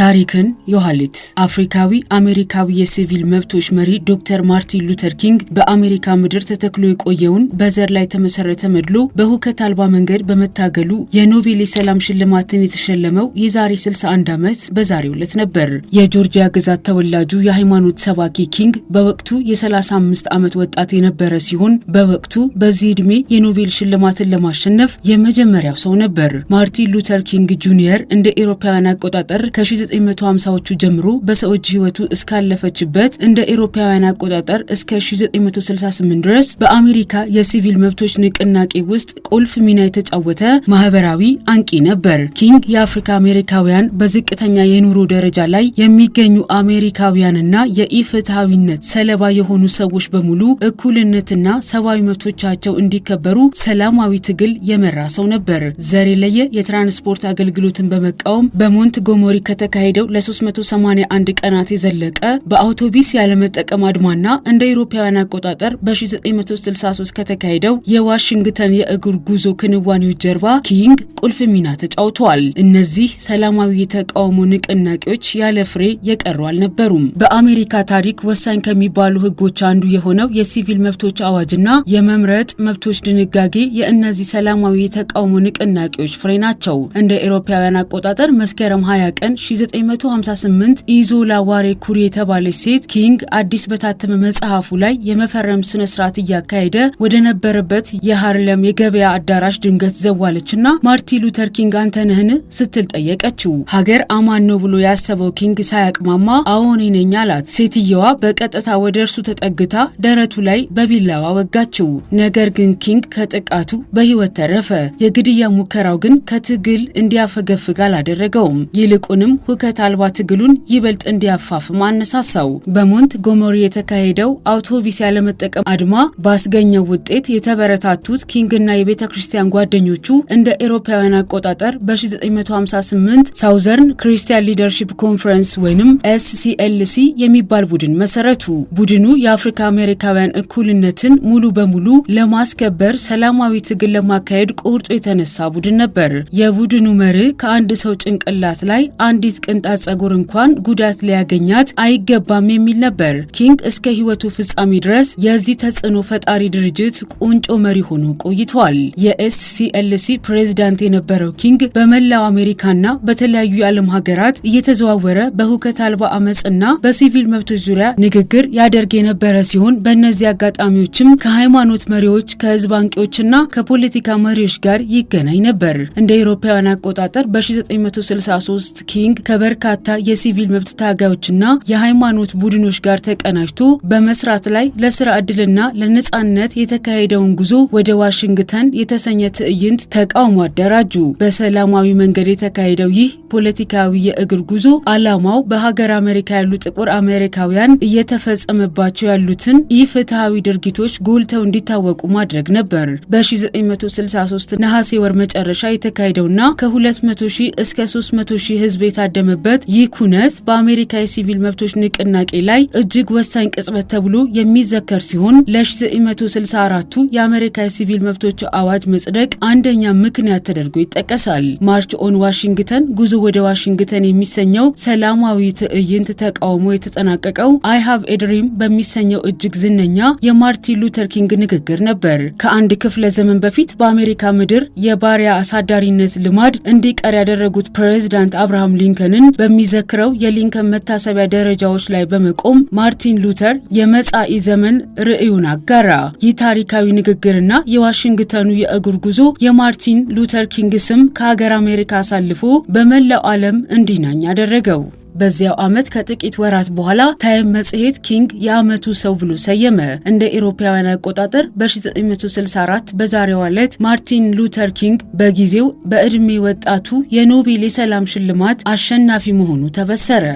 ታሪክን ዮሐሌት አፍሪካዊ አሜሪካዊ የሲቪል መብቶች መሪ ዶክተር ማርቲን ሉተር ኪንግ በአሜሪካ ምድር ተተክሎ የቆየውን በዘር ላይ የተመሰረተ መድሎ በሁከት አልባ መንገድ በመታገሉ የኖቤል የሰላም ሽልማትን የተሸለመው የዛሬ 61 ዓመት በዛሬው ዕለት ነበር። የጆርጂያ ግዛት ተወላጁ የሃይማኖት ሰባኪ ኪንግ በወቅቱ የ35 ዓመት ወጣት የነበረ ሲሆን በወቅቱ በዚህ ዕድሜ የኖቤል ሽልማትን ለማሸነፍ የመጀመሪያው ሰው ነበር። ማርቲን ሉተር ኪንግ ጁኒየር እንደ ኤሮፓውያን አቆጣጠር ከ 1950 ዎቹ ጀምሮ በሰዎች ህይወቱ እስካለፈችበት እንደ ኤሮፓውያን አቆጣጠር እስከ 1968 ድረስ በአሜሪካ የሲቪል መብቶች ንቅናቄ ውስጥ ቁልፍ ሚና የተጫወተ ማህበራዊ አንቂ ነበር። ኪንግ የአፍሪካ አሜሪካውያን በዝቅተኛ የኑሮ ደረጃ ላይ የሚገኙ አሜሪካውያንና የኢፍትሐዊነት ሰለባ የሆኑ ሰዎች በሙሉ እኩልነትና ሰብአዊ መብቶቻቸው እንዲከበሩ ሰላማዊ ትግል የመራ ሰው ነበር። ዘር የለየ የትራንስፖርት አገልግሎትን በመቃወም በሞንት ጎሞሪ ከተካ የተካሄደው ለ381 ቀናት የዘለቀ በአውቶቢስ ያለመጠቀም አድማና እንደ አውሮፓውያን አቆጣጠር በ1963 ከተካሄደው የዋሽንግተን የእግር ጉዞ ክንዋኔዎች ጀርባ ኪንግ ቁልፍ ሚና ተጫውተዋል። እነዚህ ሰላማዊ የተቃውሞ ንቅናቄዎች ያለ ፍሬ የቀሩ አልነበሩም። በአሜሪካ ታሪክ ወሳኝ ከሚባሉ ህጎች አንዱ የሆነው የሲቪል መብቶች አዋጅና የመምረጥ መብቶች ድንጋጌ የእነዚህ ሰላማዊ የተቃውሞ ንቅናቄዎች ፍሬ ናቸው። እንደ አውሮፓውያን አቆጣጠር መስከረም 20 ቀን 1958 ኢዞላ ዋሬ ኩሪ የተባለች ሴት ኪንግ አዲስ በታተመ መጽሐፉ ላይ የመፈረም ስነ ስርዓት እያካሄደ ወደ ነበረበት የሃርለም የገበያ አዳራሽ ድንገት ዘዋለችና ማርቲን ሉተር ኪንግ አንተነህን ስትል ጠየቀችው። ሀገር አማን ነው ብሎ ያሰበው ኪንግ ሳያቅማማ አዎን ነኝ አላት። ሴትየዋ በቀጥታ ወደ እርሱ ተጠግታ ደረቱ ላይ በቢላዋ ወጋችው። ነገር ግን ኪንግ ከጥቃቱ በህይወት ተረፈ። የግድያ ሙከራው ግን ከትግል እንዲያፈገፍግ አላደረገውም። ይልቁንም ሁከት አልባ ትግሉን ይበልጥ እንዲያፋፍም አነሳሳው። በሞንት ጎሞሪ የተካሄደው አውቶቢስ ያለመጠቀም አድማ ባስገኘው ውጤት የተበረታቱት ኪንግና የቤተ ክርስቲያን ጓደኞቹ እንደ ኤሮፓውያን አቆጣጠር በ1958 ሳውዘርን ክሪስቲያን ሊደርሺፕ ኮንፈረንስ ወይም ኤስሲኤልሲ የሚባል ቡድን መሰረቱ። ቡድኑ የአፍሪካ አሜሪካውያን እኩልነትን ሙሉ በሙሉ ለማስከበር ሰላማዊ ትግል ለማካሄድ ቁርጡ የተነሳ ቡድን ነበር። የቡድኑ መሪ ከአንድ ሰው ጭንቅላት ላይ አንዲት ቅንጣት ጸጉር እንኳን ጉዳት ሊያገኛት አይገባም የሚል ነበር። ኪንግ እስከ ሕይወቱ ፍጻሜ ድረስ የዚህ ተጽዕኖ ፈጣሪ ድርጅት ቁንጮ መሪ ሆኖ ቆይቷል። የኤስሲኤልሲ ፕሬዚዳንት የነበረው ኪንግ በመላው አሜሪካና በተለያዩ የዓለም ሀገራት እየተዘዋወረ በሁከት አልባ አመፅና በሲቪል መብቶች ዙሪያ ንግግር ያደርግ የነበረ ሲሆን በእነዚህ አጋጣሚዎችም ከሃይማኖት መሪዎች ከህዝብ አንቂዎችና ከፖለቲካ መሪዎች ጋር ይገናኝ ነበር። እንደ አውሮፓውያን አቆጣጠር በ1963 ኪንግ ከበርካታ የሲቪል መብት ታጋዮችና የሃይማኖት ቡድኖች ጋር ተቀናጅቶ በመስራት ላይ ለስራ ዕድልና ለነጻነት የተካሄደውን ጉዞ ወደ ዋሽንግተን የተሰኘ ትዕይንት ተቃውሞ አደራጁ። በሰላማዊ መንገድ የተካሄደው ይህ ፖለቲካዊ የእግር ጉዞ ዓላማው በሀገር አሜሪካ ያሉ ጥቁር አሜሪካውያን እየተፈጸመባቸው ያሉትን ኢፍትሐዊ ድርጊቶች ጎልተው እንዲታወቁ ማድረግ ነበር። በ1963 ነሐሴ ወር መጨረሻ የተካሄደውና ከ200 ሺህ እስከ 300 ሺህ ህዝብ የታደ የተደመደመበት ይህ ኩነት በአሜሪካ የሲቪል መብቶች ንቅናቄ ላይ እጅግ ወሳኝ ቅጽበት ተብሎ የሚዘከር ሲሆን ለ964ቱ የአሜሪካ የሲቪል መብቶች አዋጅ መጽደቅ አንደኛ ምክንያት ተደርጎ ይጠቀሳል። ማርች ኦን ዋሽንግተን ጉዞ ወደ ዋሽንግተን የሚሰኘው ሰላማዊ ትዕይንት ተቃውሞ የተጠናቀቀው አይ ሃቭ ኤ ድሪም በሚሰኘው እጅግ ዝነኛ የማርቲን ሉተር ኪንግ ንግግር ነበር። ከአንድ ክፍለ ዘመን በፊት በአሜሪካ ምድር የባሪያ አሳዳሪነት ልማድ እንዲቀር ያደረጉት ፕሬዚዳንት አብርሃም ሊንከን ሊንከንን በሚዘክረው የሊንከን መታሰቢያ ደረጃዎች ላይ በመቆም ማርቲን ሉተር የመጻኢ ዘመን ርዕዩን አጋራ። ይህ ታሪካዊ ንግግርና የዋሽንግተኑ የእግር ጉዞ የማርቲን ሉተር ኪንግ ስም ከሀገር አሜሪካ አሳልፎ በመላው ዓለም እንዲናኝ አደረገው። በዚያው ዓመት ከጥቂት ወራት በኋላ ታይም መጽሔት ኪንግ የዓመቱ ሰው ብሎ ሰየመ። እንደ ኢሮፓውያን አቆጣጠር በ1964 በዛሬዋ ዕለት ማርቲን ሉተር ኪንግ በጊዜው በዕድሜ ወጣቱ የኖቤል የሰላም ሽልማት አሸናፊ መሆኑ ተበሰረ።